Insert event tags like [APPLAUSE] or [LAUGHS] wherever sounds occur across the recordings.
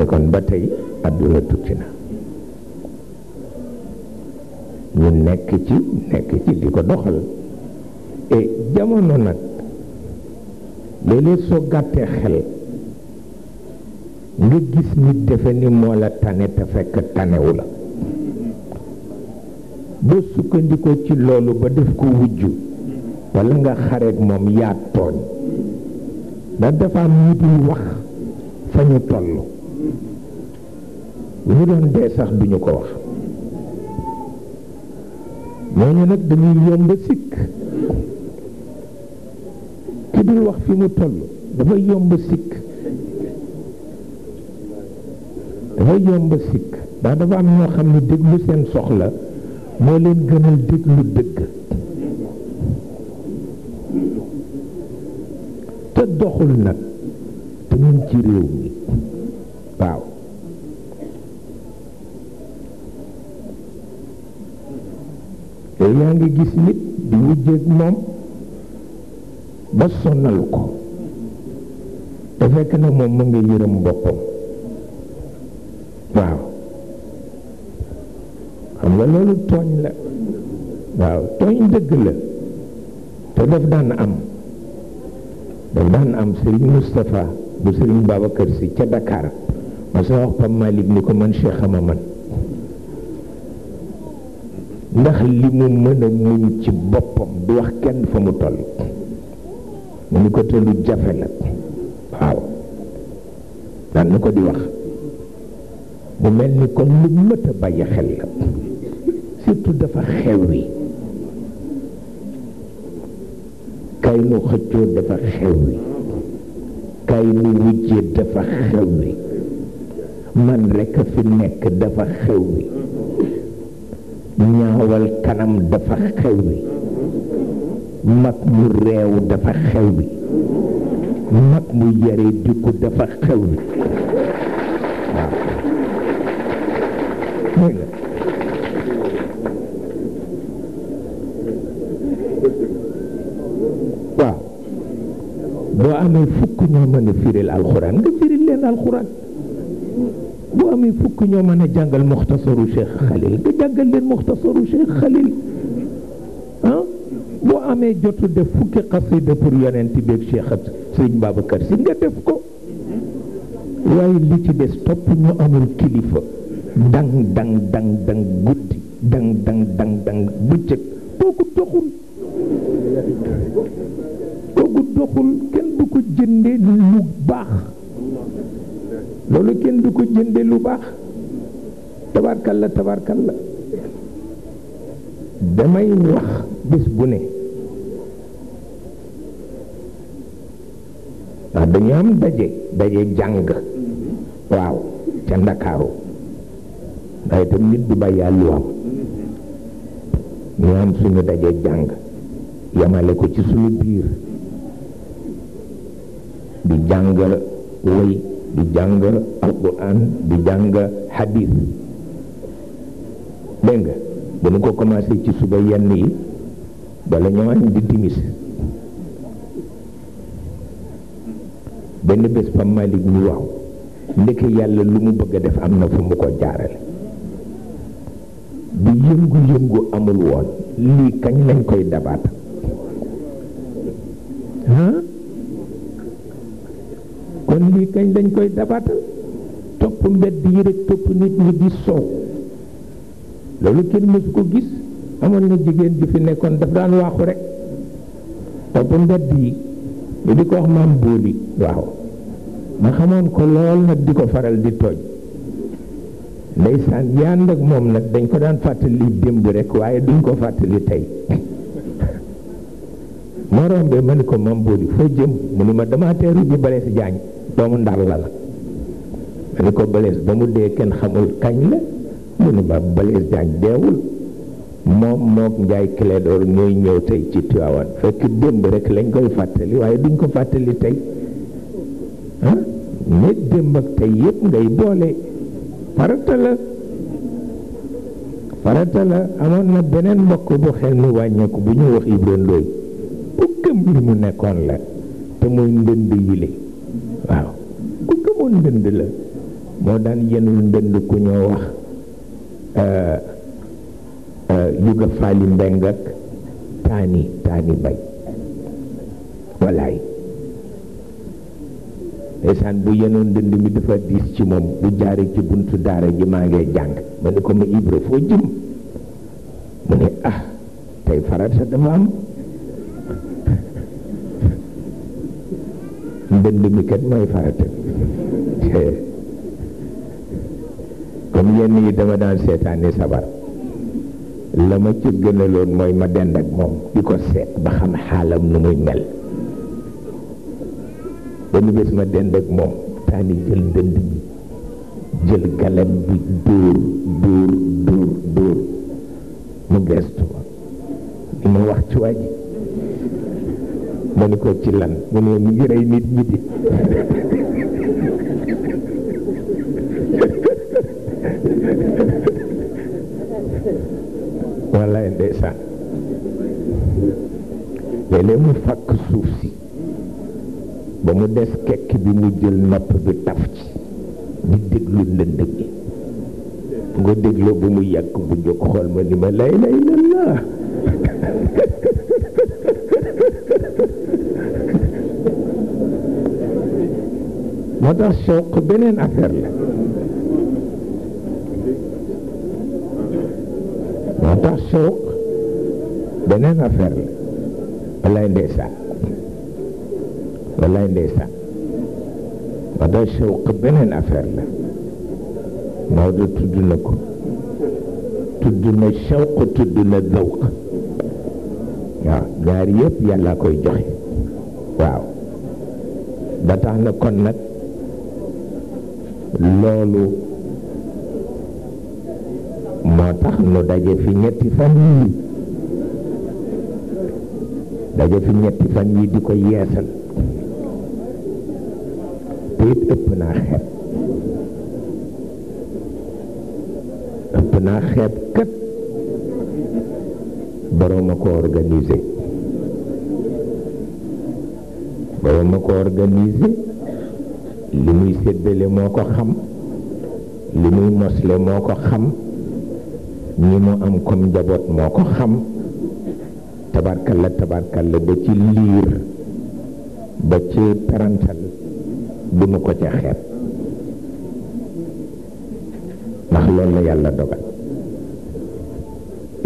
ne kon ba tey àdduna tukki na ñu nekk ci nekk ci di ko doxal e jamono nag léeg soo gàttee xel nga gis nit defe ni moo la tane te fekk tanewu la boo sukkandikoo ci loolu ba def ko wujju walla nga xareeg moom yaa tooñ ndax dafa am wax fa ñu toll ñu doon dee sax duñu ko wax ñooñu nag dañuy yomb sikk ki wax fi mu toll dafa yomb sikk dafa yomb sikk ndax dafa am ñoo xam ne déglu seen soxla moo leen gënal déglu dëgg te doxul nag te ñun ci réew mi yow yaa ngi gis nit di wujjeeg moom ba sonnalu ko te fekk na moom mu ngi yërëm boppam waaw xam nga loolu tooñ la waaw tooñ dëgg la te daf daan am daf daan am sëriñ Moustapha bu sëriñ Babacar si ca dakaar ma sa wax Pape Malick ni ko man Cheikh Ama man ndax li mu mën a muñ ci boppam du wax kenn fa mu toll mu ni ko te lu jafe la waaw daan na ko di wax mu mel ni kon lu mët a bàyyi xel la surtout dafa xewwi kay nu xëccoo dafa xewwi kay nu wujjee dafa xewwi man rekk fi nekk dafa xewwi taxawal kanam dafa xew bi mag mu réew dafa xew bi mag mu yare dikku dafa xew bi waaw boo amee fukk ñoo mën a firil alxuraan nga firil leen alxuraan boo amee fukk ñoo mën a jàngal muxtasaru Cheikh Khalil nga jàngal leen muxtasaru Cheikh Khalil ah? boo amee jot def fukki xasida pour yonent bi ak Cheikh ak si nga def ko waaye li ci des topp ñu amul kilifa dang dang dang dang guddi dang dang dang dang bëccëg kooku doxul kooku doxul kenn du ko jëndee lu baax loolu kenn du ko jënde lu baax tabarkalla la damay wax bés bu ne ndax dañu am daje daje jàng waaw ca ndakaaru ndax itam nit du bàyyi àlluwaam ñu am suñu daje jàng yamale ko ci suñu biir di jàng woy di jàng alquran di jàng hadith dégg nga dañu ko commencé ci suba yenn yi bala ñoo añ di timis benn bés Pape Malick ñu waaw ndeke yàlla lu mu bëgg def am na fu mu ko jaarale bu yëngu-yëngu amul woon lii kañ lañ koy dabaat kañ dañ koy dabaatal topp mbedd yi rek topp nit ñi di soow loolu kenn mësu ko gis amoon na jigéen ju fi nekkoon daf daan waaxu rek topp mbedd yi ñu di ko wax maam bóoli waaw ma xamoon ko lool nag di ko faral di tooñ ndeysaan yaan nag moom nag dañ ko daan fàttali démb rek waaye duñ ko fàttali tey [LAUGHS] ma rombee ma ni ko mam boodi foo jëm mu ni ma damaa teeru ji balees jaañ doomu ndar la ma ni ko balees ba mu dee kenn xamul kañ la mu ni ma balees jaañ deewul moom mook njaay Clédor ñooy ñëw tey ci Tiwaawan fekk démb rek lañ koy fàttali waaye duñ ko fàttali tey ah mais démb ak tey yëpp ngay boole farata la farata la amoon na beneen mbokk bu xel mi wàññeeku bu ñu wax Ibra Ndoy gëm mu nekkoon la te mooy ndënd yile waaw ku gëmoon ndënd la moo daan yenul ndënd ku ñoo wax euh, euh, yuga faali mbeng ak taani taani bay wallaay ndeysaan bu yenoon ndënd mi dafa diis ci moom bu jaaree ci buntu daara ji maa ngi jàng ma ne ko ma Ibra foo jëm mu ne ah tey farata dafa am mbënd mi kat mooy farata comme yenn yi dama daan seetaani sabar la ma ci gënaloon mooy ma dend ak moom di ko seet ba xam xaalam nu muy mel benn bés ma dend ak moom taani jël dënd bi jël galam bi dóor dóor dóor dóor mu gestu ma li ma wax ci waa mani ko ci lan mu ne mu ngi rey nit ñi di wallaay ndeysaan léeg-léeg mu fàkk suuf si ba mu des kekk bi mu jël nopp bi taf ci di déglu lënd gi nga dégloo bu mu yàgg bu jóg xool ma ni ma lay lay lënd moo tax shawq beneen affaire la moo tax beneen affaire la wallaay ndeysaan wallaay ndeysaan moo tax shawq beneen affaire la Maodo tudd na ko tudd na shawq tudd na zawq waaw gaar yëpp koy joxe waaw ba na kon loolu moo tax nu daje fi ñetti fan yii daje fi ñetti fan yii di ko yeesal te ëpp naa xeeb ëpp naa xeeb kat boroom a ko organisé boroom a ko organisé li muy séddale moo ko xam li muy mosle moo ko xam ñi mu am comme njaboot moo ko xam tabarkalla la ba ci liir ba ci parantal bu ko ca xeet ndax loolu la yàlla dogal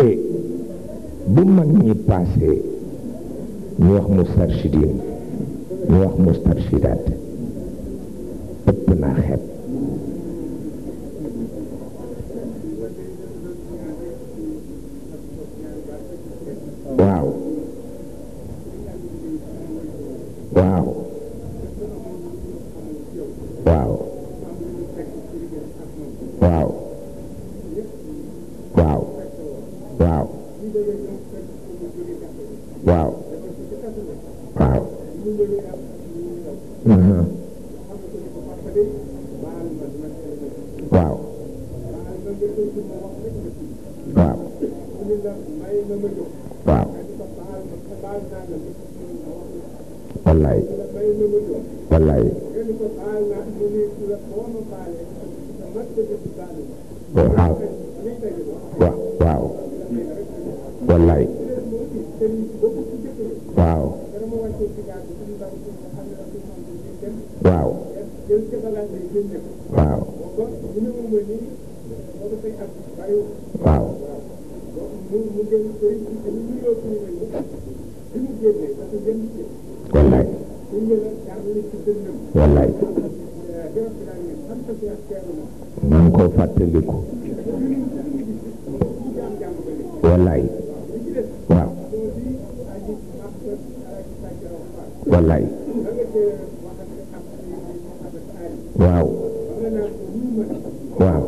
e bu mag ñi paase ñu wax mustarshidin ñu wax mustarshidaat ëpp naa xeet waaw wallaay wallaay maa ngi ko fàttaliku wallaay waaw wallaay waaw waaw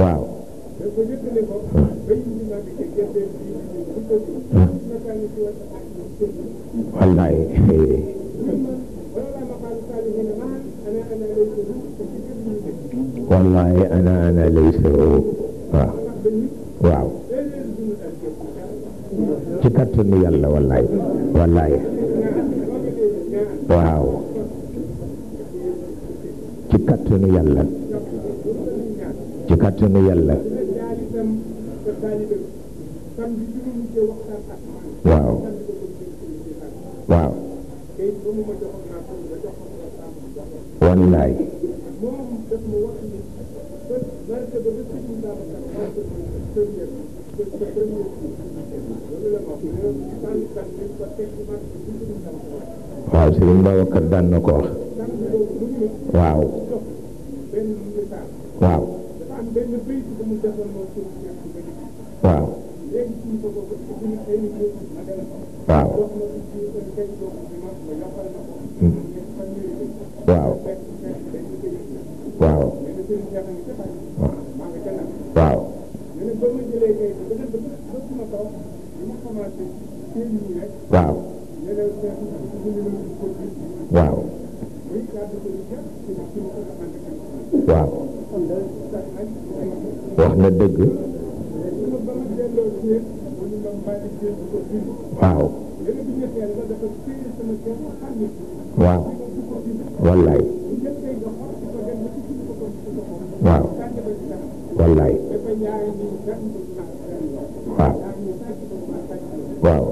waaw. wallaay. wallaay ana ana laysa waaw. waaw. ci kattanu yàlla wallaay. waaw. ci kàttanu yàlla ci kàttanu yàlla waaw waaw wallaay waaw Serigne Babacar daan na ko wax waaw waaw waaw waaw waaw waaw waaw waaw waaw waaw wax na dëgg waaw waaw wallaay waaw wallaay waaw waaw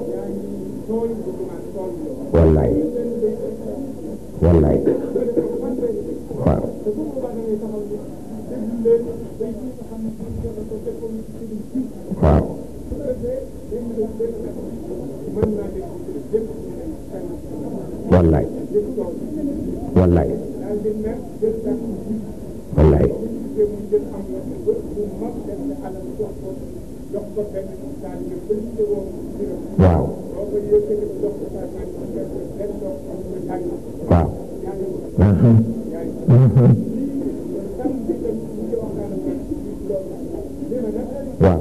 wallaay wallaay waaw waaw wallaay wallaay wallaay waaw Wow. Uh-huh. uh Wow.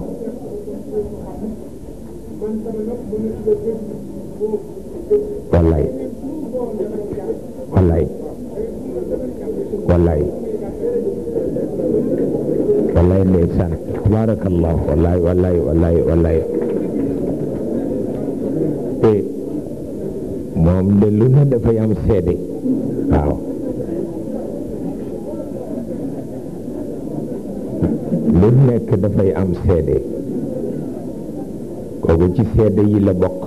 Wallahi. Wallahi. Wallahi. Wallahi ndeysaan tabarakallah wallahi wallahi wallahi wallahi moom de lu ne dafay am seede waaw lu nekk dafay am seede kooku ci seede yi la bokk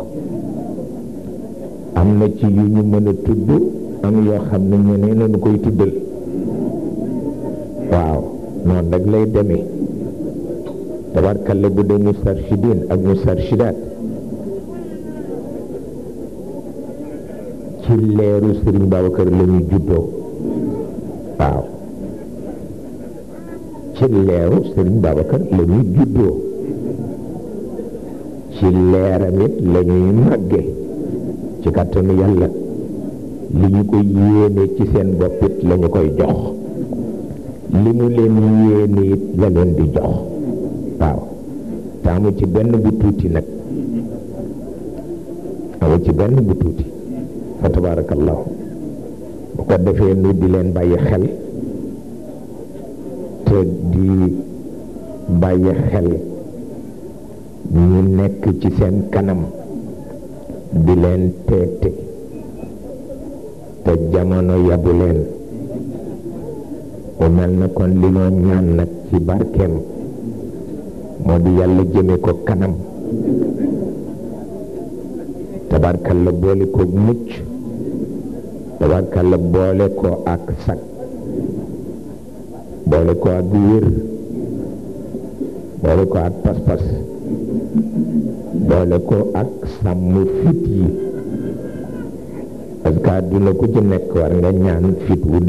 am na ci yu ñu mën a tudd am yoo xam ne ñeneen lañu koy tuddal waaw noonu nag lay demee tabarkalla bu dee mustarshidin ak mustarshidaat ci leeru Serigne Babacar la ñu juddoo waaw ci leeru Serigne Babacar la ñu juddoo ci leeram it la ñuy ci kàttanu yàlla li ñu ko yéene ci seen bopp it la koy jox li mu leen yéene it la leen di jox waaw taamu ci benn bu tuuti nag amu ci benn bu tuuti fa tabaarakallaahu bu ko defee nu di leen bàyyi xel te di bàyyi xel ñi nekk ci seen kanam di leen teete te jamono yabu leen mu mel na kon li ñoo ñaan nag ci barkeem moo di yàlla jëme ko kanam tabarkalla boole ko mucc tawakkal boleh ko ak boleh ko adir boleh ko ak pas boleh ko ak sàmm fit yi parce ku ci nekk war nga ñaan fit wu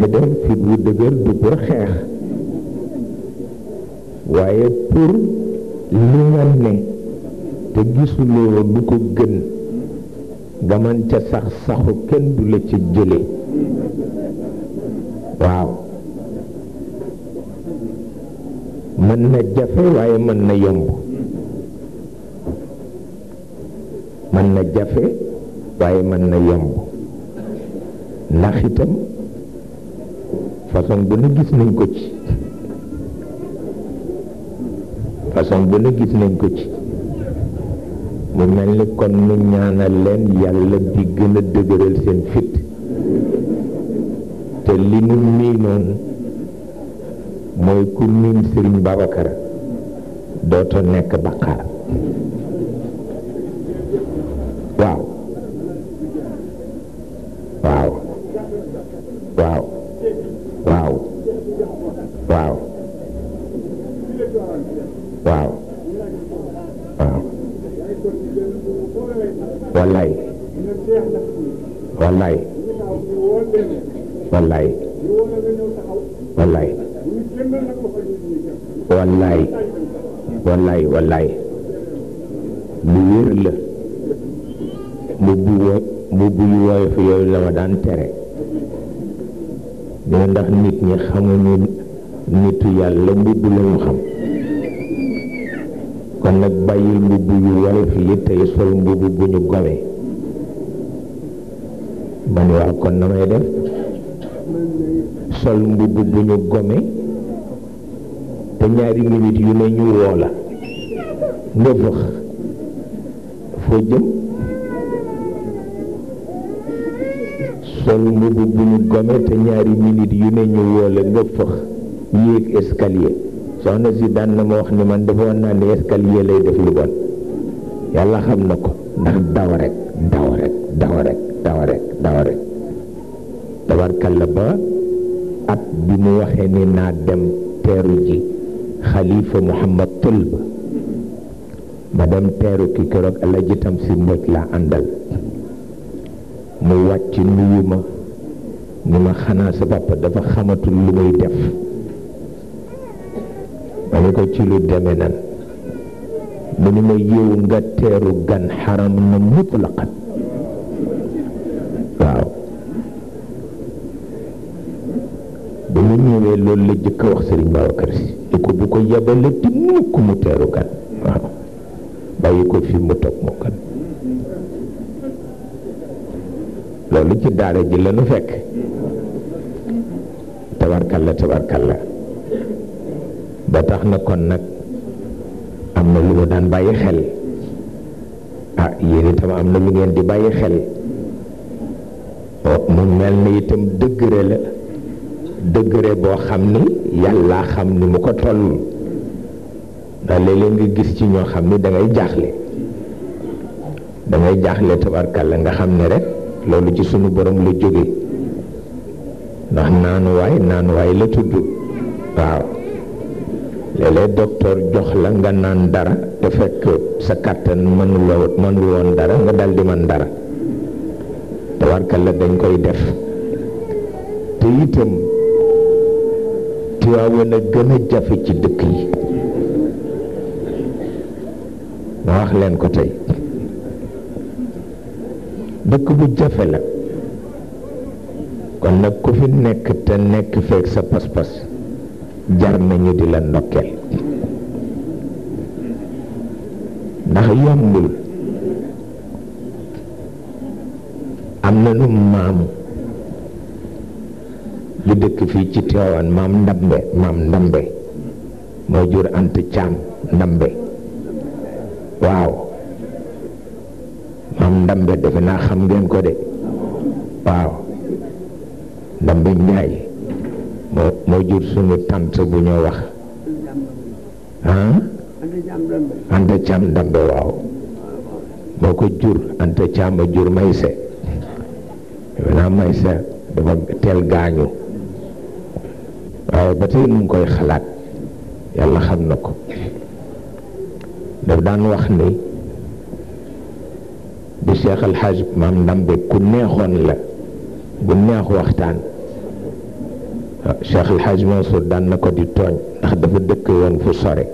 xaayda fit wu dëgër du pour xeex waaye pour li nga ne te gisuloo lu ko gën nga ca sax saxu kenn du la ca jële waaw mën na jafe waaye mën na yomb mën na jafe waaye mën na yomb ndax façon bu ne gis nañ ko ci façon bu nañ ko ci mu mel ni kon nu ñaanal leen yàlla di gën dëgëral seen fit te li nu miinoon mooy ku miin Sëriñ Babacar dootoo nekk baqaar lay lu wér la mbubb mbubb yu woyof yooyu la ma daan tere ne ndax nit ñi xamuñu nitu yàlla mbubb lañu xam kon nag bàyyil mbubb yu woyof yi tey sol mbubb bu ñu gome man kon na may def sol mbubb bu ñu gome te ñaari minute yu ne ñu woo la nga bëx foo jëm sol mbubb bu ñu gome te ñaari minute yu ne ñu yoole nga fëx yéeg escalier soxna si daan na ma wax ni man dafa woon naa ne escalier lay def lu bon yàlla xam na ko ndax daw rek daw rek daw rek daw rek daw rek tabarkalla ba at bi mu waxee ni naa dem teeru ji xalifa Muhammad Tëlba ma dem teeru ki keroog ala jitam si mbóoj laa àndal mu wàcc nuyu ma ni ma xanaa sa papa dafa xamatul lu muy def ma ni ko ci lu deme nan mu ni ma yeew nga teeru gan xaram na mutlaqan waaw ba mu ñëwee loolu la jëkk a wax Sëriñ Babacar Si ko bu ko yebale ti mukk mu teeru gan waaw bàyyi ko fi mu toog mokkal loolu ci daara ji la nu fekk tabarkalla tabarkalla ba tax na kon nag am na lu mu daan bàyyi xel ah yéen itam am na lu ngeen di bàyyi xel oh, mu mel na itam dëgëre la dëgëre boo xam ni yàllaa xam ni mu ko toll ndax léeg nga gis ci ñoo xam ni da ngay jaaxle da ngay jaaxle nga xam ne rek loolu ci sunu borom la jóge ndax naanuwaay naanuwaay la tudd waaw léeg-léeg jox la nga naan dara te fekk sa kàttan mënuloo mënul woon dara nga daldi mën dara tabarkàlla dañ koy def te itam tiwaawoon a gën a jafe ci dëkk yi leen ko tey dëkk bu jafe la kon nag ku fi nekk te nekk feeg sa pas-pas jar nañu di la ndokkeel ndax yombul am na nu maamu lu dëkk fii ci Tiwaawan maam ndambe maam ndambe moo jur ant caam ndambe waaw maam ndambe defe naa xam ngeen ko de waaw ndambe njaay moo moo jur suñu tant bu ñoo wax ah ndambe waaw moo ko jur anta caam a jur mayse defe naa mayse dafa teel gaañu waaye ba tey mu koy xalaat yàlla xam na ko daf daan wax ni bu Seex Alxaaj Maam Ndambe ku neexoon la bu neex waxtaan waaw Seex Alxaaj daan na ko di tooñ ndax dafa dëkk yoon fu sore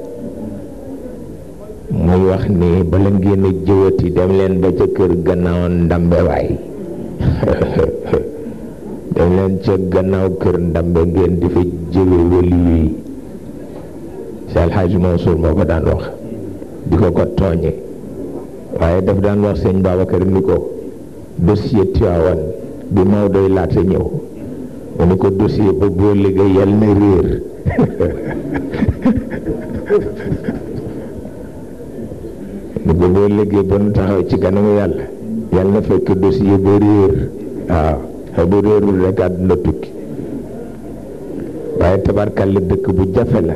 muy wax ni bala ngeen a jëwati dem leen ba ca kër gannaaw Ndambe waay [LAUGHS] dem leen ca gannaaw kër Ndambe ngeen di fa jëwe wëli yi Seex Alxaaj moo ko daan wax di ko ko tooñe waaye daf daan wax sëñ Babacar ni ko dossier Tiwaawan bi Maodo laata ñëw mu ni ko dossier ba boo liggéey yal na réer [LAUGHS] ni ko boo liggéey ba nu taxaw ci ganamu yàlla yal na fekk dossier ba réer waaw xaw bu réerul rek àdduna tukki waaye tabarkal la dëkk bu jafe la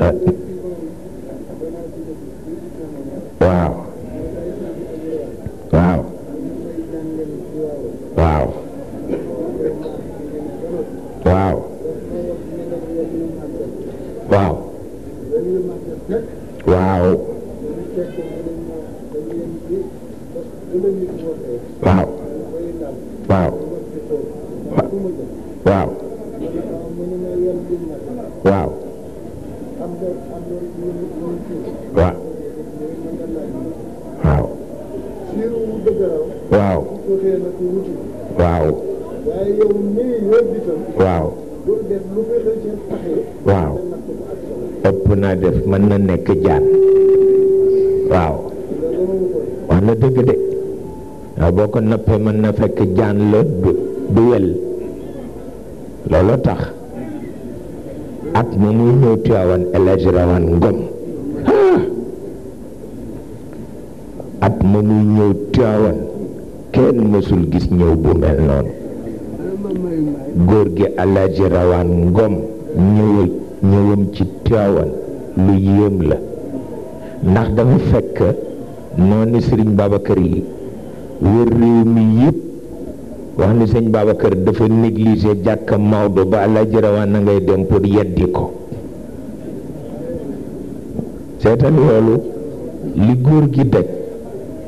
ah, kejaan Rau wax na dëgg Abu kan nafai man nafai mën na duel jaan tak du du at mu muy ñëw Tiwaawan awan Hadj at gis ñëw bu mel noonu góor gi lu yéem la ndax dafa fekk noonu sëriñ Babacar yi wër réew mi yëpp wax ni sëñ Babacar dafa négligé jàkka Maodo ba àlla jërawaan na ngay dem pour yeddi ko seetal loolu li góor gi daj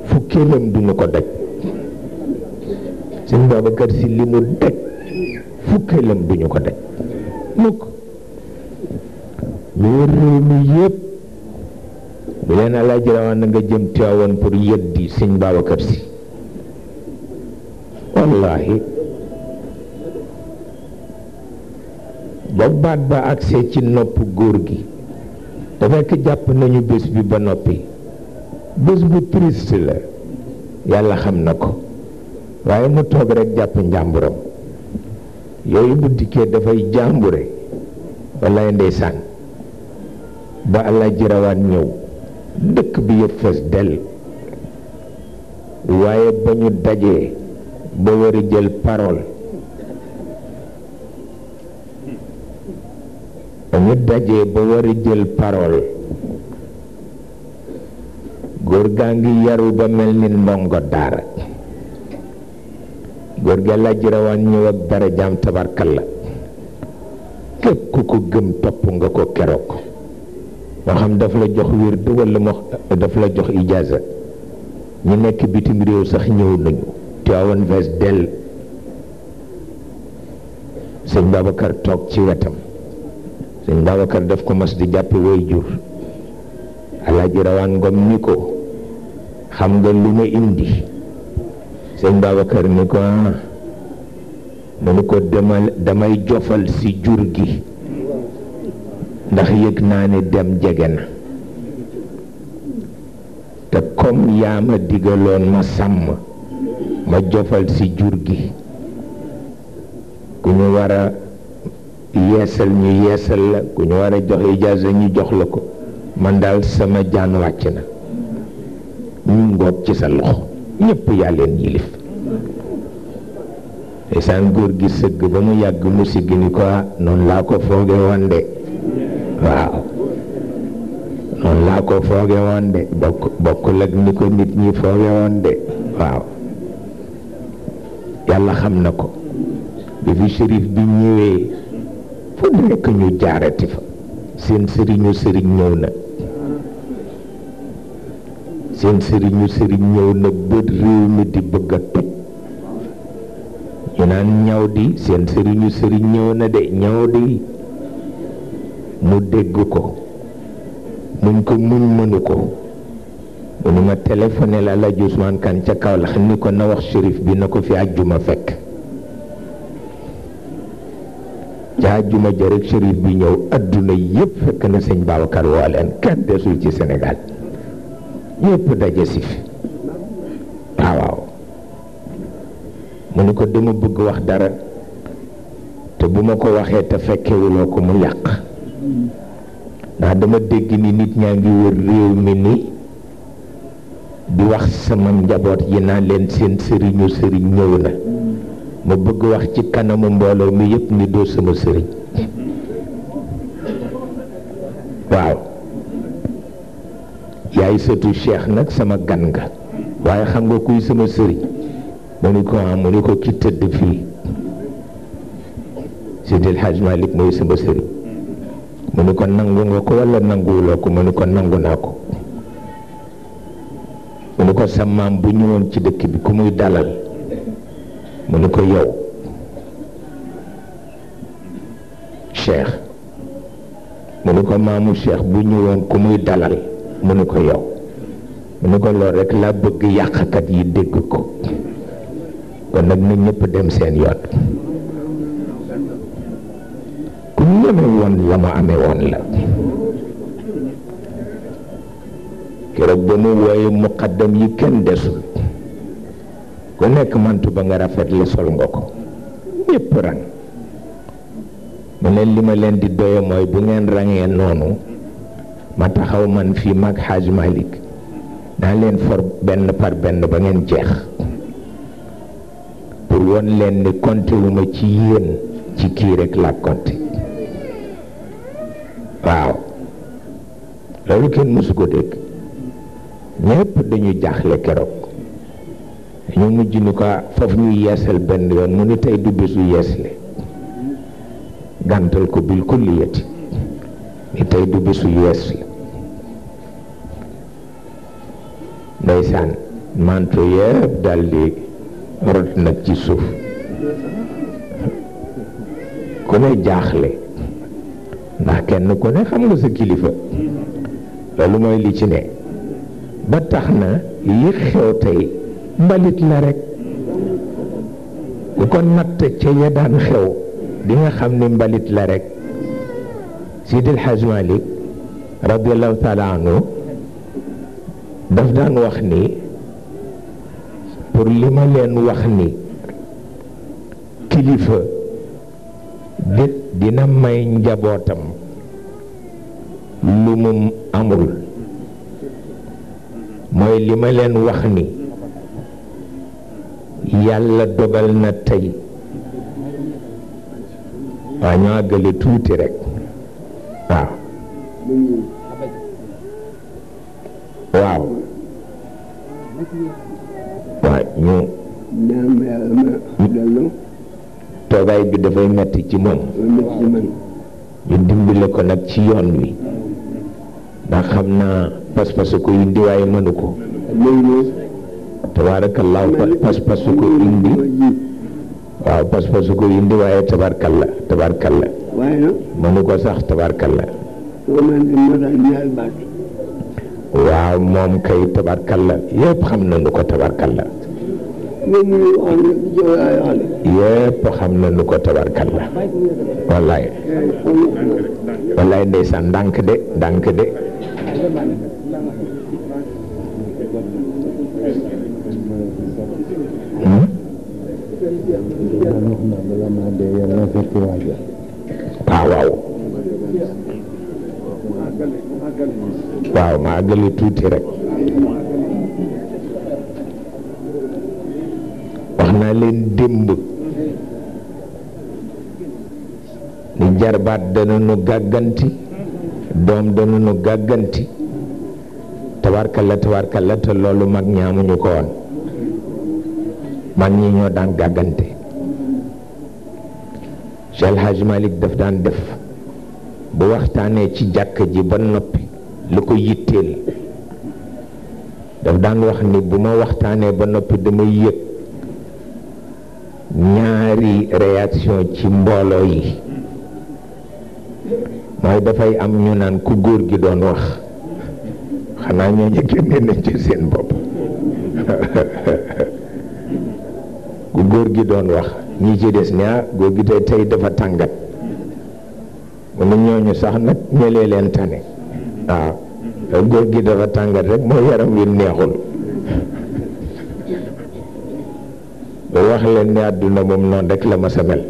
fukkeelam duñu ko daj sëñ Babacar si li mu daj fukkeelam duñu ko daj Yoyi yépp bu leen alaaji rawaan na nga jëm Tiwaawan pour Si ba baat ba agsee ci nopp góor gi jàpp nañu bés bi ba noppi bés bu triste la yàlla ya xam na ko waaye mu toog rek jàpp njàmburam ba Alaaji Rawaan ñëw dëkk bi yëpp fees dell waaye ba ñu dajee ba war a jël parole góor gaa ngi yaru ba mel ni ndongo daara góor gi Alaaji Rawaan ñëw ak dara jaam tabarkalla képp ku ko gëm topp nga ko keroog nga xam daf la jox wird wala mo daf la jox ijaaza ñu nekk bitim réew sax ñëw nañu Tiwaawan fees dell sëñ Babacar toog ci wetam sëñ Babacar daf ko mas di jàppe way jur alaaji rawaan ngom ni ko xam nga lu ma indi sëñ Babacar ni ko ah mu ni ko demal damay jofal si jur gi ndax yëg naa ne dem jege na te comme yaa ma digaloon ma sàmm ma jofal ci jur gi ku ñu war a yeesal ñu yeesal la ku ñu war a jox ijaasa ñu jox la ko man daal sama jaan wàcc na ñu ngoog ci sa loxo ñépp yaa leen yilif ndeysaan góor gi sëgg ba mu yàgg mu sigg ni ko ah, noonu laa ko fooge woon de waaw noonu laa ko fooge woon de bokk bokkul ak ni ko nit ñi fooge woon de waaw yàlla xam na ko bi fi shérif bi ñëwee fu nekk ñu jaarati fa seen sëriñu sëriñ ñëw na seen sëriñu sëriñ ñëw na bët réew mi di bëgg a ñu naan ñaw di seen sëriñu sëriñ ñëw na de ñaw di mu dégg ko muñ ko muñ mënu ko mu ni ma téléphoné la la Ousmane Kane ca Kaolack ni ko na wax shérif bi na ko fi àjjuma fekk ca àjjuma ja shérif bi ñëw adduna yépp fekk na sëñ Babacar woo leen kenn desul ci Sénégal ñépp daje si fi ah, waaw mu ni ko dama bëgg wax dara te bu ma ko waxee te fekkewuloo ko mu yàq ndax dama dégg ni nit ñaa ngi wër réew mi ni di wax sama njaboot yi naan leen seen sëriñu sëriñ ñëw na ma bëgg wax ci kanamu mbooloo mi yëpp ni doo sama sëriñ waaw yaay sëtu cheikh nag sama gan nga waaye ya xam nga kuy sama sëriñ mu ni ko ah mu ni ko ki tëdd fii Seydi Malick mooy sama sëriñ kumanukan nanggung ako wala nangulo kumanukan nangun ako mu ko sa maam bu ñëwoon ci dekk bi ku muy dalal mu yow cheikh mu mamu cheikh bu ñëwoon ku muy dalal yow lo rek la bëgg yi dégg ko kon nak ñepp dem seen yott నియమే వన్లమానే lama keroog ba mu wooye muqaddam yi kenn desul ku nekk mantu ba nga rafet la sol nga ko ñépp rang mu ne li ma leen di doye mooy bu ngeen man fii mag xaaj malik nalen leen for benn par benn ba ngeen jeex pour won konti. ni konte wu ma ci loolu kenn mësu ko dégg ñëpp dañu jaaxle keroog ñu mujj ni ko faf ñu yeesal benn yoon mu ni tey du bisu ko bil kulliyati ni tey yees la ndeysaan manto yëpp daldi rot nag ci suuf ku ne jaaxle ndax kenn ku ne xam nga sa kilifa loolu mooy li ci ne ba tax na li xew tey mbalit la rek ku ko natt ca ya daan xew di nga xam ni mbalit la rek Seydi El Hadj Malick radiallahu taala anhu daf daan wax ni pour li ma leen wax ni kilifa dina may njabootam lu mu amul mooy li ma leen wax ni yàlla dogal na tey waa ñu àggale tuuti rek waaw waaw ñu toogaay bi dafay metti ci moom ñu dimbale ko nag ci yoon wi ndax xam naa pas-pasu ko indi waaye mënu ko tabaarakallaa pas ko pas-pasu ko indi waaye tabaarkalla tabaarkalla mënu ko sax tabaarkalla waaw moom kay tabarkalla yëpp xam nañu ko tabarkalla yëpp xam nañu ko tabarkalla wallaay wallaay ndeysaan ndànk de ndànk de Ah, waaw waaw waaw maa gën tuuti rek wax naa leen démb ni jarbaat dana nu gàgganti doom danu nu gàgganti tabarkalla tabarkalla te loolu mag ñaamuñu ko woon mag ñi ñoo daan gàggante Cheikh El Hadj daf daan def bu waxtaanee ci jàkk ji ba noppi lu ko yitteel daf daan wax ni bu ma waxtaanee ba noppi damay yëg ñaari réaction ci mbooloo yi mooy dafay am ñu naan ku góor gi doon wax xanaa ñooñu génne nañ ci seen bopp ku góor gi doon wax ñi ci des ne ah góor gi tey dafa tàngat mu ne ñooñu sax nag ñëlee leen tane waaw ah, góor gi dafa tàngat rek moo yaram wi neexul wax leen ne àdduna moom noonu rek la ma samel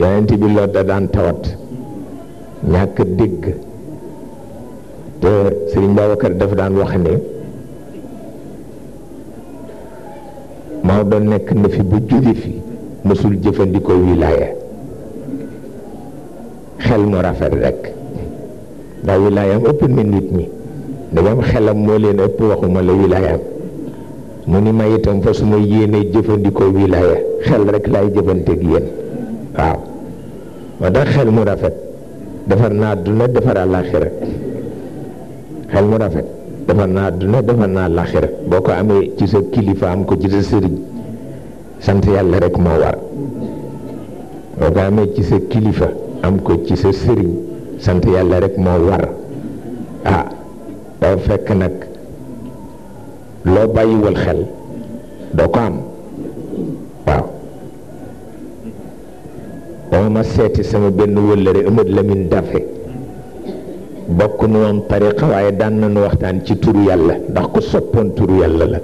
yonent bi loolu da daan tawat ñàkk dégg te Serigne Babacar dafa daan wax ne Maodo nekk na fi bu jóge fi mësul jëfandikoo wilaaya xel mu rafet rek ndax wilaayam ëpp na nit ñi ndegam xelam moo leen ëpp waxuma la wilaayam mu ni ma itam fa su ma yéenee jëfandikoo wilaaya xel rek laay jëfanteeg yéen waaw moo tax xel mu rafet defar naa àdduna defar àllaaxira xel mu rafet defar naa àdduna defar naa àllaaxira boo ko amee ci sa kilifa am ko ci sa sëriñ sant rek boo ko amee ci sa kilifa am ko ci sa sëriñ sant yàlla rek moo war ah dafa fekk nag loo bàyyiwul xel doo ko am dama ma seeti sama benn wëllëre Amadou Lamine Daffé bokk nu woon tariqa waaye daan nañu waxtaan ci tur yàlla ndax ko soppoon turu yàlla la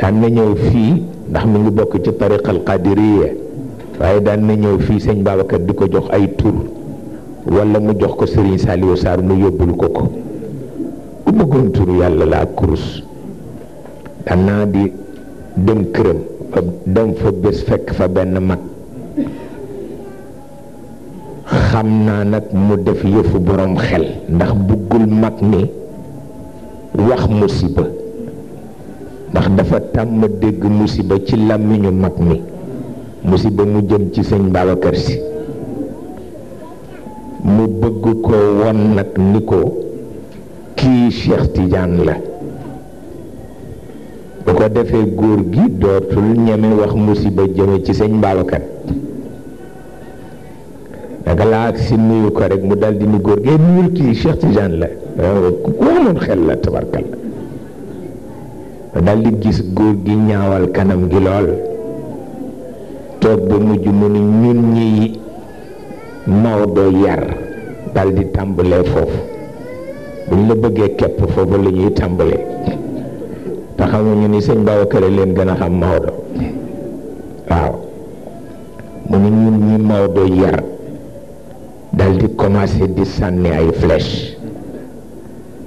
daan na ñëw fii ndax mu ngi bokk ci tariqal qadiriya waaye daan na ñëw fii sëñ Babacar di ko jox ay tur wala mu jox ko Serigne Saliou Sarr mu yóbbul ko ko ku bëggoon turu yàlla la ak kurus daan naa di dem këram dem fa bés fekk fa benn mag xamna nak nag mu def yëfu borom xel ndax bugul mak ni wax musiba ndax dafa tàmm deg musiba ci lamiñu mak ni musiba mu jëm ci sëñ Babacar si mu bëgg ko won nak niko ki Cheikh Tidiane la ko defé gor gi dotul ñame wax musiba jëme ci danga laa ak si nuyu ko rek mu daldi ni góor gee nuyul kii Cheikh Tidiane la ah, ku amoon xel la tabarkal daldi gis góor gi ñaawal kanam gi lool toog ba mujj mu ni ñun ñi Maodo yar daldi tàmbalee foofu buñ la bëggee képp foofu la tàmbalee te xam ñu ni sëñ Babacar leen gën a xam Maodo waaw mu ni ñun ñi Maodo yar dal di commencé di sànni ay flèche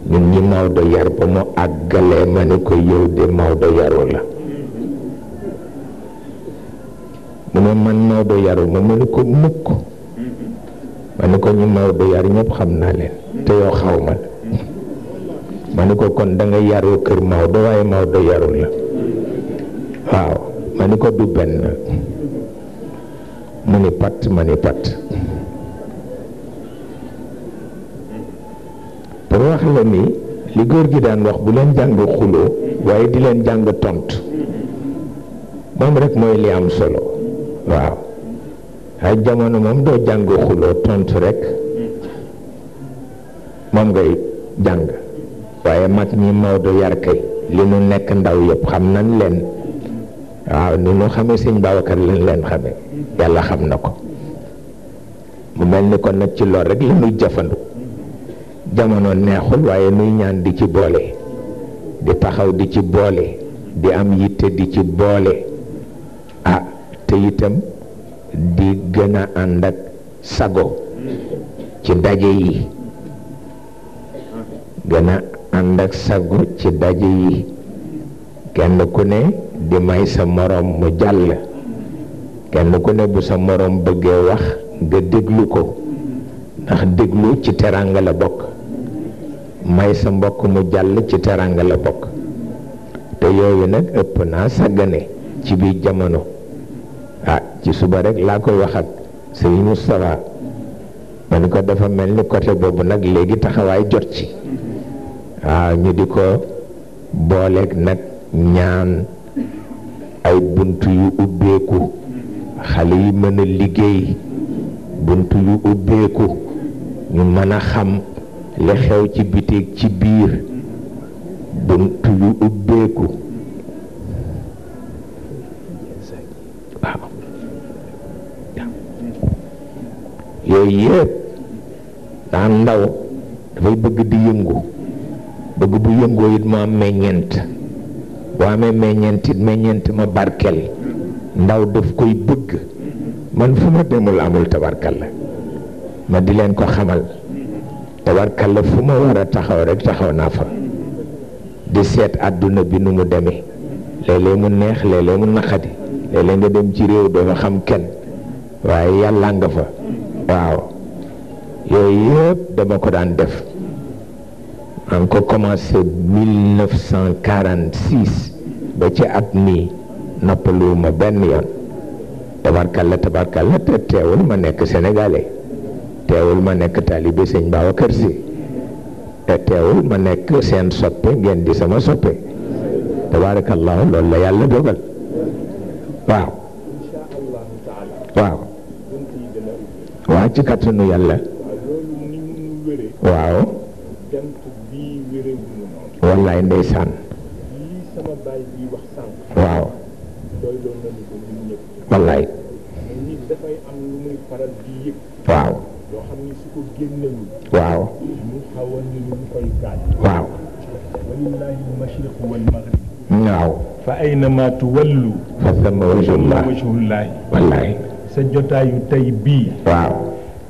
ñun ñi Maodo yar ba mu àggalee ma ne ko yow de Maodo yaru la mu ne man Maodo yaru ma ma ne ko mukk ma ne ko ñu Maodo yar ñëpp xam naa leen te yow xaw ma ma ne ko kon da nga yaroo kër Maodo waaye Maodo yaru la waaw ma ne ko du benn mu ni pat ma ni pat la li góor gi daan wax bu leen jàng xuloo waaye di leen jàng tont moom rek mooy li am solo waaw ay jamono moom doo jàng xuloo tont rek moom ngay jàng waaye mag ñi Maodo yar kay li nu nekk ndaw yépp xam nan leen waaw ni nu xamee sëñ Babacar lan leen xamee yàlla xam na ko mu mel ni kon nag ci lool rek la nu jamono neexul waaye nuy ñaan di ci boole di taxaw di ci boole di am yitte di ci boole ah te di gën a ànd ak sago ci daje yi gën a ànd ak sago ci daje yi kenn ku ne di may sa moroom mu jàll kenn ku ne bu sa moroom bëggee wax nga déglu ko ndax déglu ci teraanga la bokk may sa mbokk mu jàll ci teraanga la bokk te yooyu nag ëpp naa sàggane ci biir jamono ah ci suba rekk laa koy wax ak sëriñ Moustapha ma ni ko dafa mel ni côté boobu nag léegi taxawaay jot ci waaw ah, ñu di ko booleeg nag ñaan ay bunt yu ubbeeku xale yi mën a liggéey bunt yu ubbeeku ñu mën a xam li xew ci bitig ci biir bunt yu ubbeeku waaw yooyu yëpp daan ndaw dafay bëgg di yëngu bëgg bu yëngoo it ma am meññeent boo amee meññeent it ma barkel ndaw daf koy bëgg man fu ma demul amul tabarkal la ma di len ko xamal tawarkal la fuma wara taxaw rek taxaw na fa di set aduna bi nu mu demé lélé mu neex lélé mu naxati lélé nga dem ci réew dafa xam ken waye yalla nga fa waw yoy yeb dama ko daan def maa ko commencé 1946 ba ci at mii ben yon yoon la tabarkalla la tewul ma nek sénégalais teewul ma nekk taalibe sëñ Babacar Si te teewul ma nekk seen soppe ngeen di sama soppe tabaarakallaahu loolu la yàlla dogal waaw waaw ci kattanu yàlla waaw wallaay ndeysaan waaw waaw boo xam ne su ko waaw fa aynama tuwallu sa jotaayu tey bii waaw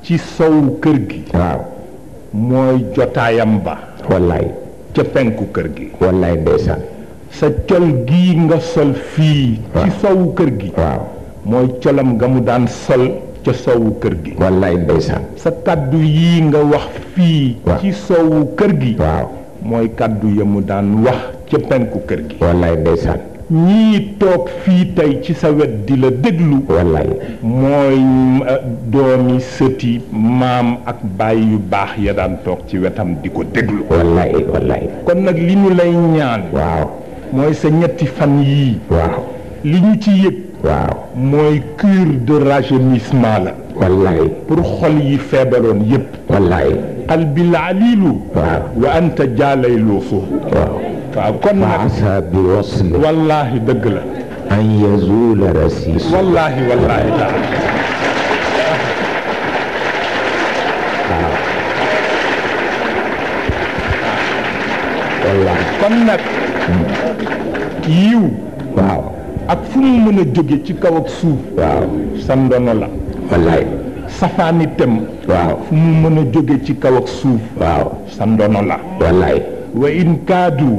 ci sowu kër gi waaw mooy jotaayam ba wallaay ca penku kër gi wallaay ndeysaan sa col gii nga sol fii ci sowu kër gi waaw mooy colam nga mu daan sol ca soowu kër gi. wallaay ndeysaan. sa kàddu yi nga wax fii. ci soowu kër gi. waaw mooy kàddu ya mu daan wax ca penku kër gi. wallaay ndeysaan. ñii toog fii tey ci sa wet di la déglu. wallaay mooy eh, doomi sëti maam ak bàyyi yu baax ya daan toog ci wetam di ko déglu. wallaay wallaay. kon nag li ñu lay ñaan. waaw mooy sa ñetti fan yii. waaw li ñu ci yëg. waaw mooy cure de rajeunissement la wallaay pour xol yi feebaroon yépp wallaay qalbil alilu waaw wa anta jaalaylu suuf waaw waaw kon nag asa bi wasl wallaahi dëgg la an yazula rasis wallaahi wallaahi taala kon nag yiw waaw ak fu mu mën a jóge ci kaw ak suuf waaw sa ndono la wallaay safaan itam waaw fu mu mën a jóge ci kaw ak suuf waaw sa ndono la wallaay وإن كادوا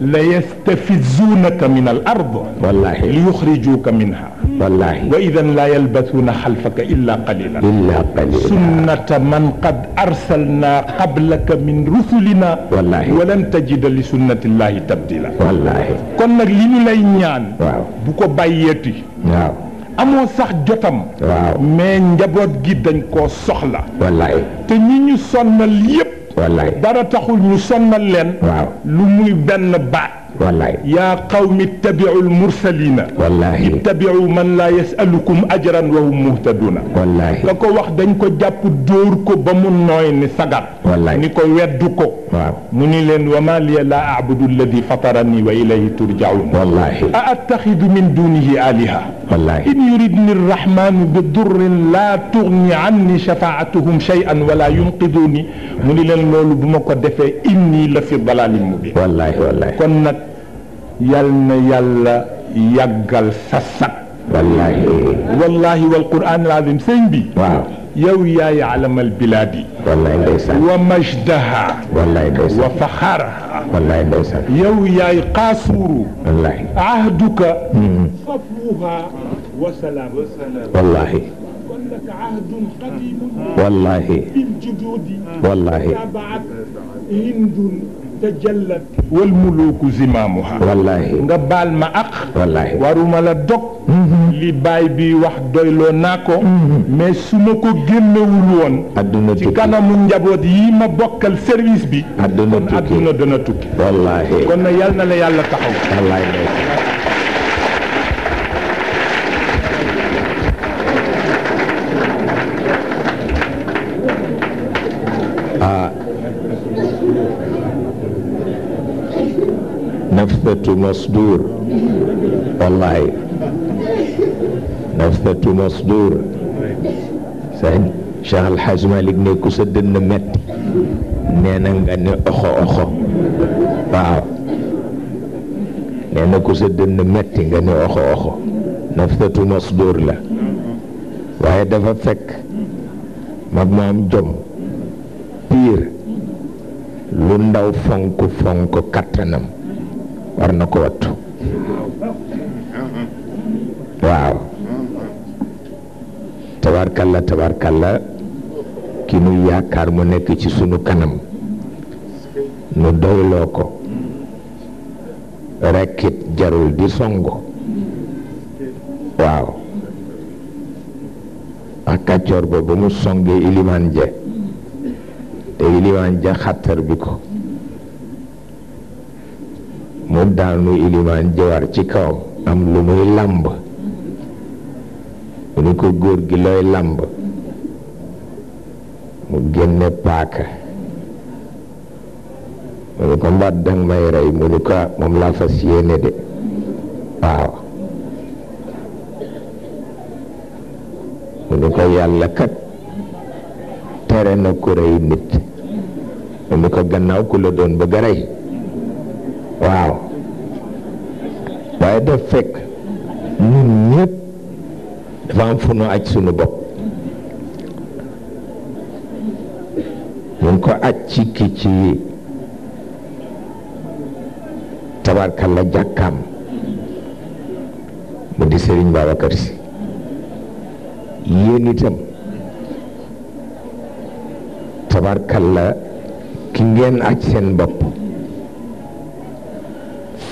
ليستفزونك من الأرض والله ليخرجوك منها والله وإذا لا يلبثون خلفك إلا قليلا إلا قليلا سنة من قد أرسلنا قبلك من رسلنا والله ولن تجد لسنة الله تبديلا والله كون كنا لنو لاي نيان واو بوكو بايتي واو amo sax jotam waaw mais njaboot gi dañ ko soxla wallahi te ñi ñu sonnal yépp wallahi dara taxul ñu sonnal leen waaw lu muy benn baat والله يا قوم اتبعوا المرسلين والله اتبعوا من لا يسألكم أجرا وهم مهتدون والله كوكو واخ دنجكو جاب دور كو بامو نوي ني سغات والله نيكو ويدكو موني لين وما لي لا أعبد الذي فطرني وإليه ترجعون والله اتخذ من دونه آلهة والله إن يريدني الرحمن بضر لا تغني عني شفاعتهم شيئا ولا ينقذوني موني لين لولو بمكو ديفه إني لفي ضلال مبين والله والله كون نك يلنا يلا يغال ساسك والله والله والقران العظيم سينبي واو يو يا يعلم البلاد والله ديسان ومجدها والله ديسان وفخرها والله ديسان يو يا قاصور والله عهدك صفوها وسلام والله لك عهد قديم والله بالجدود والله يا بعد هند تجلت والملوك زمامها والله غبال ما اق والله وروما لا دوك لي باي بي واخ دويلو ناكو مي سمكو غينوول وون ادنا تي كانامو نجابوت يي ما بوكال سيرفيس بي ادنا تي ادنا دنا توكي والله كون يالنا لا يالا تخاو والله مصدور والله نفثة مصدور سهل شغل حزمة لك نيكو سد النمت نانا نغني أخو أخو باو نانا كو سد النمت نغني أخو أخو نفثة مصدور لا وهي دفا فك مبنام جم بير لندو فنكو فنكو كاتنم war na ko wattu waaw tabarkalla tabarkalla ki nu yaakaar mu nekk ci sunu kanam nu doyloo ko rekkit jarul di songo waaw ak kàccoor ba ba mu songee ilimaan ja te ilimaan ja xattar bi ko mu daanu ilimaan jawar ci kawam am lu muy làmb mu ni ko góor gi looy làmb mu génne paaka mu ni ko mbaat dang may rey mu ni ko ah, moom laa fas yéene de waaw mu ni ko yàlla kat tere na ku rey nit mu ni ko gannaaw ku la doon bëgg a rey waaw def fekk ñun ñëpp dafa fu nu aj sunu bopp ñun ko aj ci ki ci tabarkalla jàkkaam mu di Serigne Babacar Sy yéen itam tabarkalla ki ngeen aj seen bopp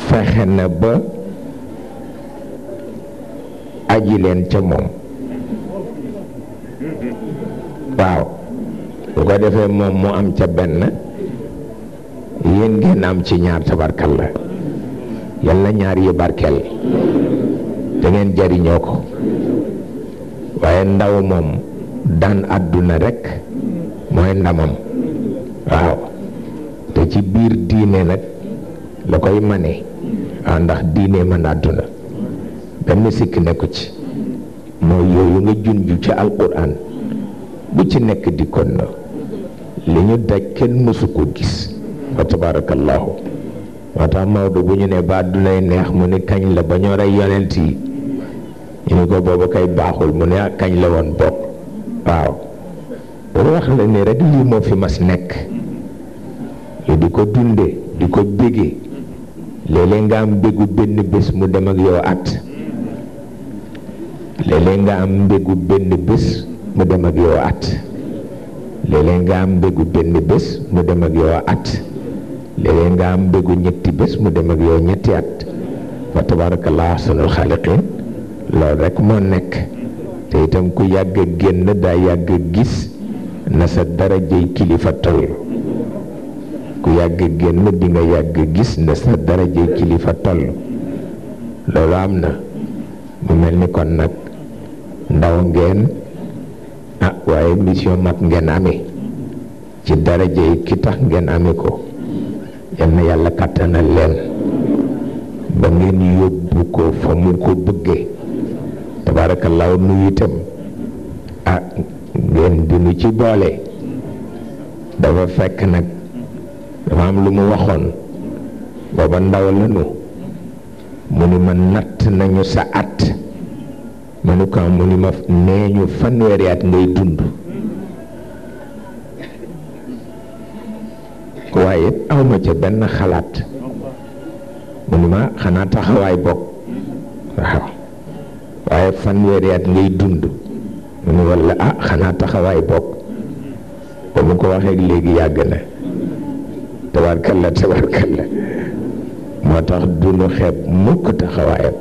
fexe na ba aji leen ca moom waaw bu ko defee moom mu am ca benn yéen ngeen am ci ñaar tabarkal la yal na ñaar yi barkeel da ngeen jariñoo ko waaye ndaw moom daan àdduna rekk mooy ndamam waaw te ci biir diine nag la koy mane waaw ah, ndax diine mën àdduna benn sikk nekku ci mooy yooyu nga junju ci alquran bu ci nekk di kon na li ñu daj kenn mësu ko gis wa tabarakallahu moo tax Maodo bu ñu ne ba àddunay neex mu ne kañ la ba ñoo rey yonent yi ñu ne ko boobu kay baaxul mu ne ah kañ la woon bopp waaw pour wax la ni rek lii moo fi mas nekk ñu di ko dunde di ko béggee léeg-léeg nga am béggu benn bés mu dem ak yow at léeg-léeg nga am mbégu benn bés mu dem ak yow at léeg-léeg nga am mbégu benn bés mu dem ak yow at léeg-léeg nga am mbégu ñetti bés mu dem ak yow ñetti at fa tabarakallah ahsanul xaaliqin loolu rek moo nekk te itam ku yàgg a génn daa yàgg a gis na sa darajay kilifa toll ku yàgg a génn di nga yàgg a gis na sa darajay kilifa toll loolu am na mu mel ni kon nag gen ah waaye mission mat gen amee ci je ki tax gen amee ko yalla na katana len ba ngeen yobbu ko fa mu ko bëggee tabarakallah nu itam ah di nu ci bolé dafa fekk nak dafa am lu mu waxoon booba ndaw lanu mu ni man nat nañu sa at manu ko mu ni ma nee ñu fanweeri ngay dund waaye awma ca benn xalaat mu ni ma xanaa taxawaay bokk waaw waaye fanweeri ngay dund mu ni walla ah xanaa taxawaay bokk ba mu ko waxee léegi yàgg na tabarkalla tabarkalla moo tax du nu xeeb mukk taxawaayam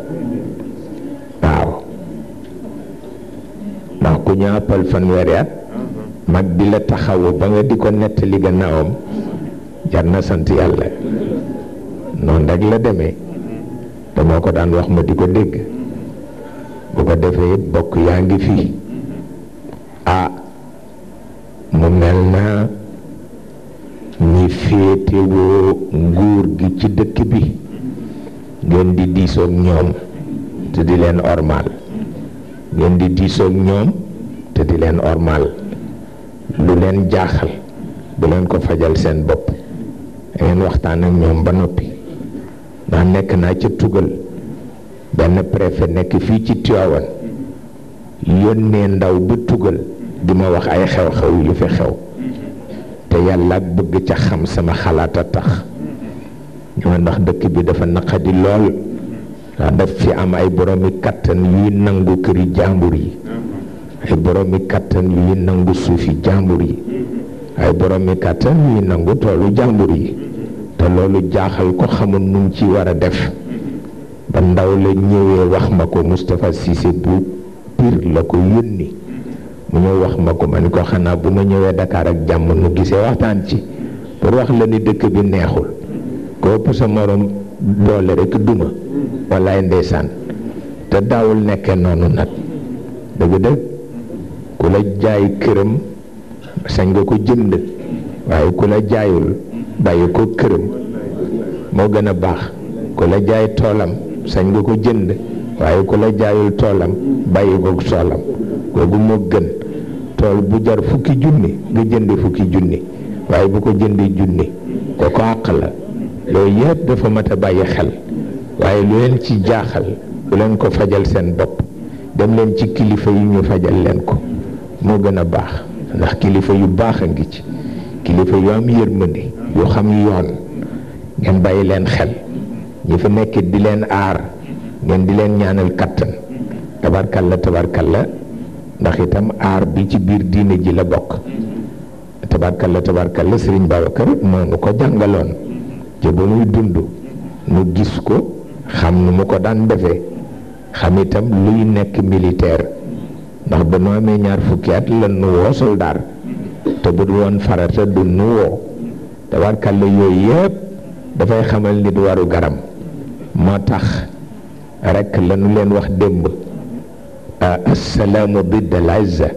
ndax ku pal fan fanweer at ya. mm-hmm. mag di la taxaw ba nga di ko nettali gannaawam jar na sant yàlla noonu rek la demee mm-hmm. dama ko daan wax ma di ko dégg bu ko defee bokk yaa ngi fii mm-hmm. ah mu mel na ñi nguur gi ci dëkk bi ngeen di diisoog ñoom te di leen ormaal ngeen di diisoog ñoom te di leen ormal lu leen jaaxal bu leen ko fajal seen bopp ngeen waxtaan ak ñoom ba noppi ndax nekk naa ca tugal benn préfet nekk fii ci Tivaouane yónnee ndaw ba tugal di ma wax ay xew-xew yu fi xew te yàlla ak bëgg ca xam sama xalaat a tax ñu ndax dëkk bi dafa naqadi lool ndax daf fi am ay boroomi kàttan yuy nangu këri jàmbur yi ay boroomi kàttan yuy nangu suufi jàmbur yi ay boroomi kàttan yuy nangu toolu jàmbur yi te loolu jaaxal ko xamul nu ci war a def ba ndaw la ñëwee wax ma ko Moustapha Cissé bu pire la ko yónni mu ñëw wax ma ko ma ni ko xanaa bu ma ñëwee Dakar ak jàmm nu gisee waxtaan ci pour wax la ni dëkk bi neexul ko ëpp sa morom doole rek duma wallaay ndeysaan te daawul nekkee noonu nag dëgg dëgg ku la jaay këram sañ nga ko jënd waaye ku la jaayul bàyyi ko këram moo gën a baax ku la jaay toolam sañ nga ko jënd waaye ku la jaayul toolam bàyyi ko soolam kooku moo gën tool bu jar fukki junni nga jëndi fukki junni waaye bu ko jëndi junni kooku àq la loolu yëpp dafa mat a bàyyi xel waaye lu leen ci jaaxal bu leen ko fajal seen bopp dem leen ci kilifa yi ñu fajal leen ko moo gën a baax ndax kilifa yu baax a ngi ci kilifa yu am yërmande yu xam yoon ngeen bàyyi leen xel ñi fi nekk di leen aar ngeen di leen ñaanal kattan tabarkalla la ndax itam aar bi ci biir diine ji la bokk tabarkalla la Serigne Babacar moo nu ko jàngaloon te ba nuy dund mu gis ko xam nu mu ko daan defee xam itam luy nekk militaire ndax ba nu amee ñaar fukki at la nu woo soldaar te bu dul woon farata du nu woo te warkàlla yooyu yëpp dafay xamal nit waru garam moo tax rek la nu leen wax démb assalaamu didd al izza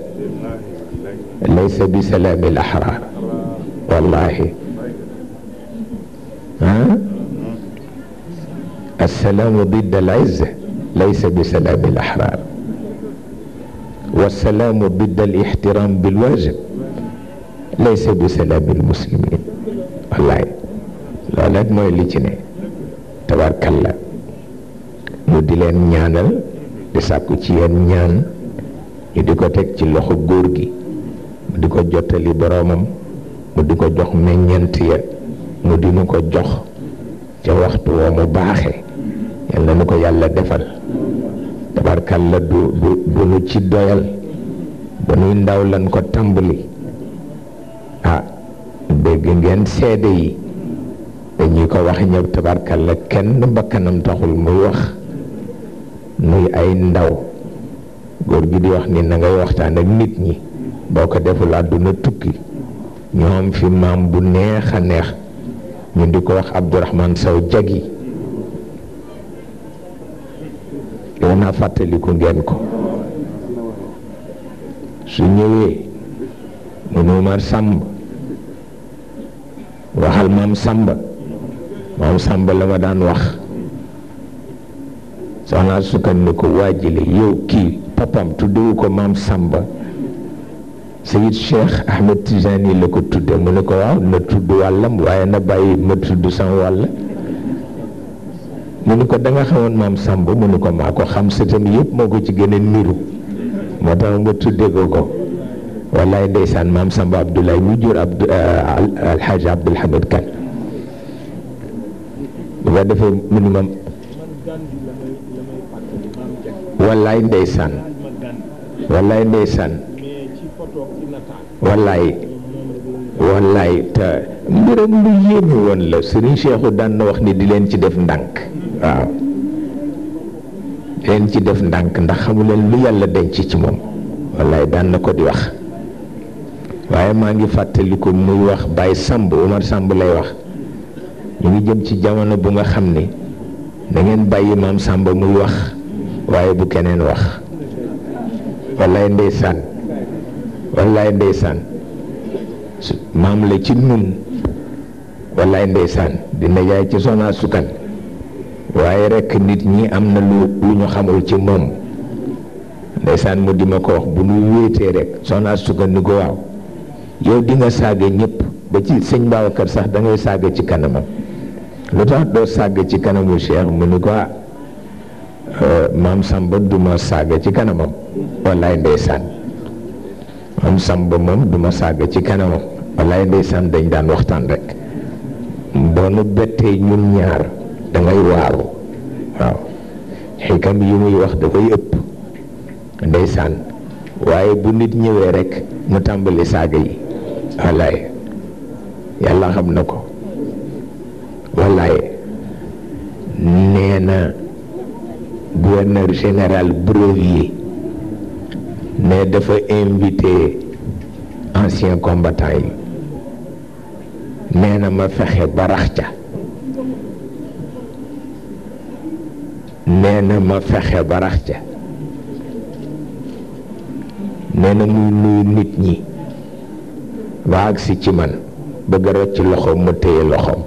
laysa bi salaami al wallahi السلام ضد العزة ليس بسلام الأحرار والسلام ضد الاحترام بالواجب ليس بسلام المسلمين والله الأولاد ما يلجنه تبارك الله مدلين نيانل لساكو تيان نيان يدكو تك تلوخو غورغي مدكو جوتالي برامم مدكو جوخ مينيان تيان مدينو كو جوخ جوخت ومباخي Anda na nu ko yàlla defal tabarkalla du du du nu ci doyal ba nuy ndaw lan ko tàmbali ah dégg ngeen seede yi dañuy ko wax ñëpp tabarkalla kenn bakkanam taxul muy wax nuy ay ndaw gi di wax ni na ngay waxtaan ak nit ñi deful aduna tukki ñoom fi maam bu neex neex ñu di ko wax xanaa fàttaliku ngeen ko su ñëwee mënu Umar Samb waxal maam Samba maam Samba la ma daan wax soxna sukkan ni ko waajile yow kii papam tuddewu ko maam Samba Sayid Cheikh Ahmed Tijani la ko tudde mu ne ko waaw na tudd wàllam waaye na bàyyi ma tudd sama wàll mu ni ko danga xamoon maam Samb mu ni ko maa ko xam sëtam yëpp moo ko ci gën a niru moo tax ma tudde ko ko wallaay ndeysaan maam Samb Abdoulaye mu jur Abdou euh, Alxaaji Abdul Hamid Kan bu nga defee mu ni ma wallaay ndeysaan wallaay ndeysaan wallaay la Serigne Cheikhou daan na wax ni di leen ci def ndànk waaw leen ci def ndànk ndax xamuleen lu yàlla denc ci moom wallaay daan na ko di wax waaye maa ngi fàttaliku muy wax bàyyi Samb Omar Samb lay wax ñu ngi jëm ci jamono bu nga xam ni da ngeen bàyyi maam Samb muy wax waaye bu keneen wax wallaay ndeysaan wallaay ndeysaan maam la ci nun wallaay ndeysaan di na jaay ci Soxna Sukan waaye rekk nit ñi am na lu lu ñu xamul ci moom ndeysaan mu di ma ko wax bu nu wéetee rekk soxna suka ni ko waaw yow di saaga ñëpp ba ci sëñ Babacar sax da ngay saaga ci kanamam lu tax doo saaga ci kanamu Cheikh mu ni ko ah, euh, maam Samba du saaga ci kanamam wallaay ndeysaan maam Samba moom duma saaga ci kanamam wallaay ndeysaan dañ daan waxtaan rekk doonu bettee ñun ñaar da ngay waaru waaw xikam yi muy wax da koy ëpp ndeysaan waaye bu nit ñëwee rek mu tàmbali saaga yi wallaay yàlla xam na ko wallaay nee na général Brevier ne dafa invité ancien combattant yi nee na ma fexe ba ca nee na ma fexe barax ca nee na muy nuyu nit ñi ba agsi ci man bëgg a rocc loxoom ma téye loxoom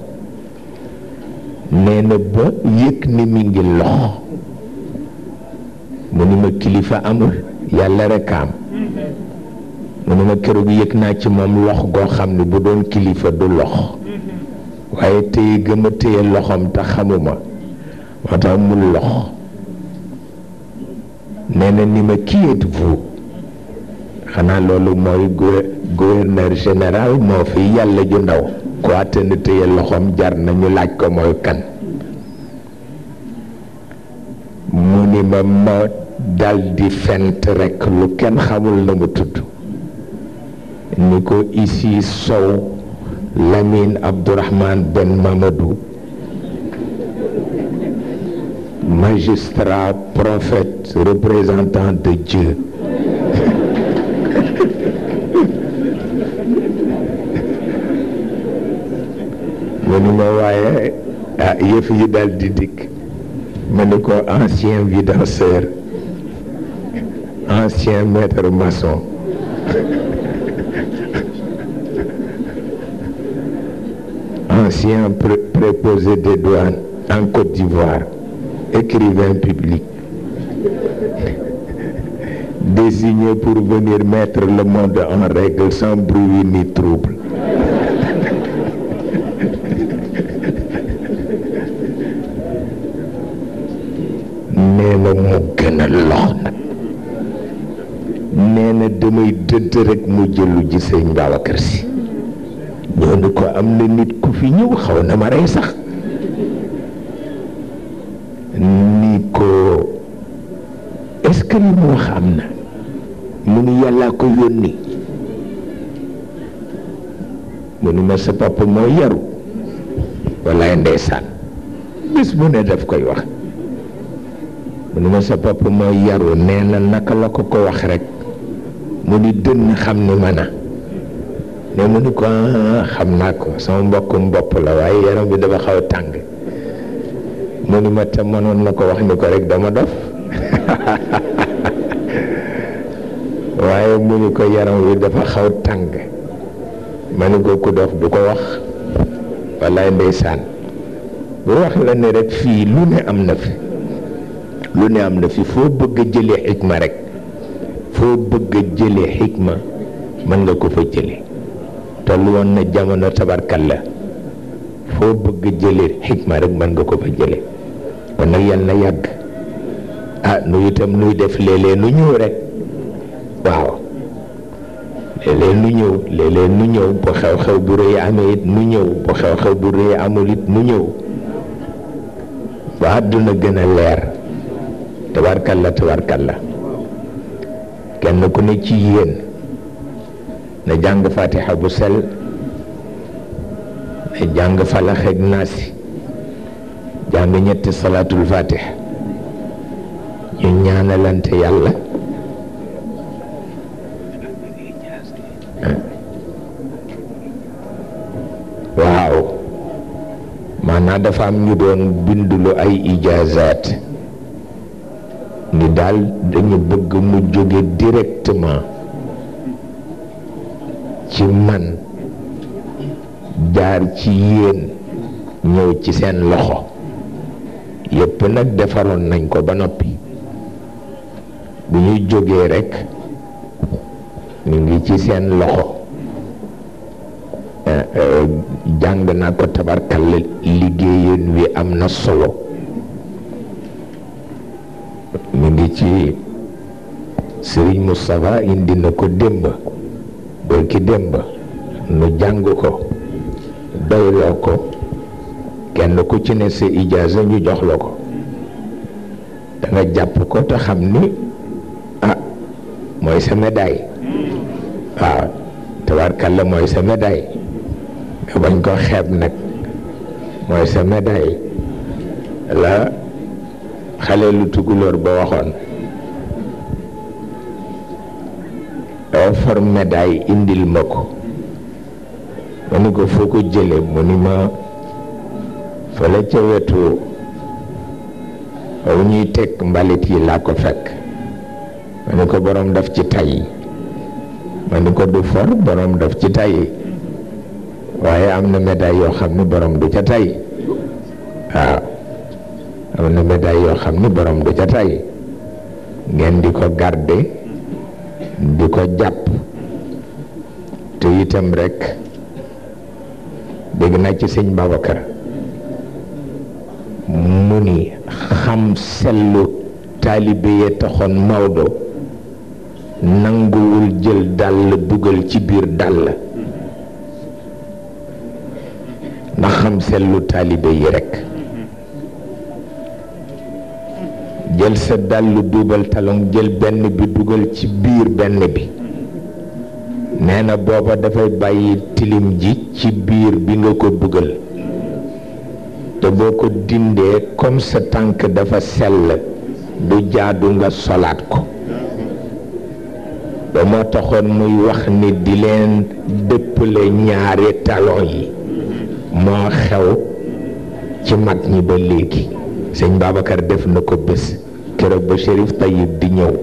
nee na ba yëg ni mi ngi lox mu ni ma kilifa amul yàlla rekk am mu ni ma keroog yëg naa ci moom lox goo xam ne bu doon kilifa du lox mm-hmm. waaye téye gëma téye loxoom te xamuma moo tax amul loxo nee na ni ma qui êtes-vous xanaa loolu mooy gouverneur général moo fi yàlla ju ndaw ku àttana téye loxoom jar nañu laaj ko mooy kan mu ni ma ma dal di fent rekk lu kenn xamul na mu tudd ni ko ici Sow Lamine Abdourahmane Ben Mamadou magistrat, prophète, représentant de Dieu. Vous me voyez à ah yëf di ancien vidanceur, ancien maître maçon [LAUGHS] ancien préposé des douanes en Côte d'Ivoire écrivain public désigné pour venir mettre le monde en règle sans bruit ni trouble. nee na mu gën na damay dëdd rek mu jëlu ji sëñ Babacar Si ñoo ni ko am na nit ku fi ñëw xaw na ma rey sax kan lu wax am na mu ni yàllaa ko yónni mu ni ma sa papa yaru bis bu ne daf koy wax mu ni ma sa papa moo yaru nee na naka la ko ko wax rek mu ni dënn xam mana ne mu ni ko ko la [LAUGHS] yaram bi dafa xaw mu ni ma wax ni ko rek dama dof waaye mu ni ko yaram wi dafa xaw tàng ma ni ko ku du ko wax wallaay ndeysaan bu wax la ne rek fii lu ne am na fi lu ne am na fi foo bëgg a jëlee xikma rek foo bëgg a xikma mën nga ko fa jëlee tollu woon na jamono tabarkal la foo bëgg a jëlee xikma rek mën nga ko fa jëlee kon nag yàlla na yàgg ah nu itam nuy def léeg nu ñëw rek. waaw léeg-léeg nu ñëw léeg-léeg nu ñëw bu xew-xew bu rëy amee it nu ñëw bu xew-xew bu rëy amul it nu ñëw ba àdduna gën a leer tabarkalla tabarkalla kenn ku ne ci yéen na jàng fatiha bu sel na jàng falax ak naasi jàng ñetti salaatul fatiha ñu ñaanalante yàlla xanaa dafa am ñu doon bindulu ay ijaazaat ni daal dañu bëgg mu jóge directement ci man jaar ci yéen ñëw ci seen loxo yépp nag defaroon nañ ko ba noppi bu ñuy jógee rekk mu ngi ci seen loxo eh, eh, jàng naa ko tabarkalla liggéeyeen wi am na solo mu ngi ci sëriñ Moustapha indi na ko démb bërki démb nu jàng ko doyloo ko kenn ko ci ne sa ijaaza ñu jox la ko danga jàpp ko te xam ni ah mooy sa médaille mm. waaw tabarkalla mooy sa médaille nga bañ ko xeeb nag mooy sa médaille la xale lu tukulóor ba waxoon far médaille indil ma ko ma ni ko foo ko jële mu ni ma fële ca wetu aw ñuy teg mbalit yi laa ko fekk ma ni ko borom daf ci tay ma ni ko du for borom daf ci tay waaye am na médaille yoo xam ne borom du ca tay waaw am na médaille yoo xam ne borom du ca tay ngeen di ko garder di ko jàpp te itam rekk dégg naa ci sëñ Babacar mu ni xam sellu taalibe yee taxoon Maodo nanguwul jël dàll dugal ci biir dàll ndax xam seetlu taalibe yi rekk jël sa dàllu duubal talon jël benn bi dugal ci biir benn bi nee na booba dafay bàyyi tilim ji ci biir bi nga ko dugal te boo ko dindee comme sa tànk dafa sell du jaadu nga solaat ko ba moo taxoon muy wax ni di leen dëppale ñaari talon yi moo xew ci mag ñi ba léegi sëñ Babacar def na ko bés keroog ba Chérif Tayib di ñëw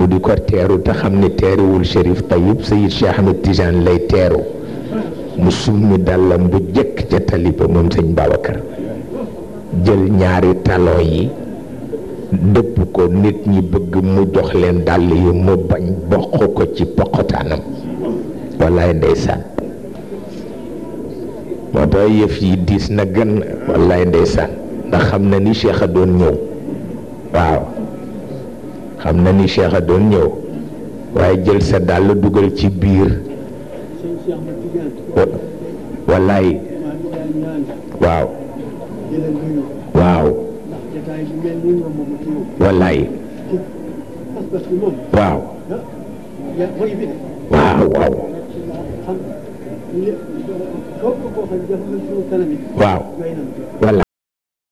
mu di ko teeru te xam ne teeruwul Chérif Tayib Seyid Cheikh Ahmed Tijaan lay teeru mu summi dàllam bu jëkk ca taliba moom sëñ Babacar jël ñaari talon yi dëpp ko nit ñi bëgg mu jox leen dàll yi mu bañ bokk ko ci poqotaanam wallaay ndeysaan moo tax yëf yi diis na gën wallaay ndeysaan ndax xam na ni Cheikh a doon ñëw waaw xam na ni Cheikh a doon ñëw waaye jël sa dàll dugal ci biir wallaay waaw wallaay waaw waaw waaw waaw.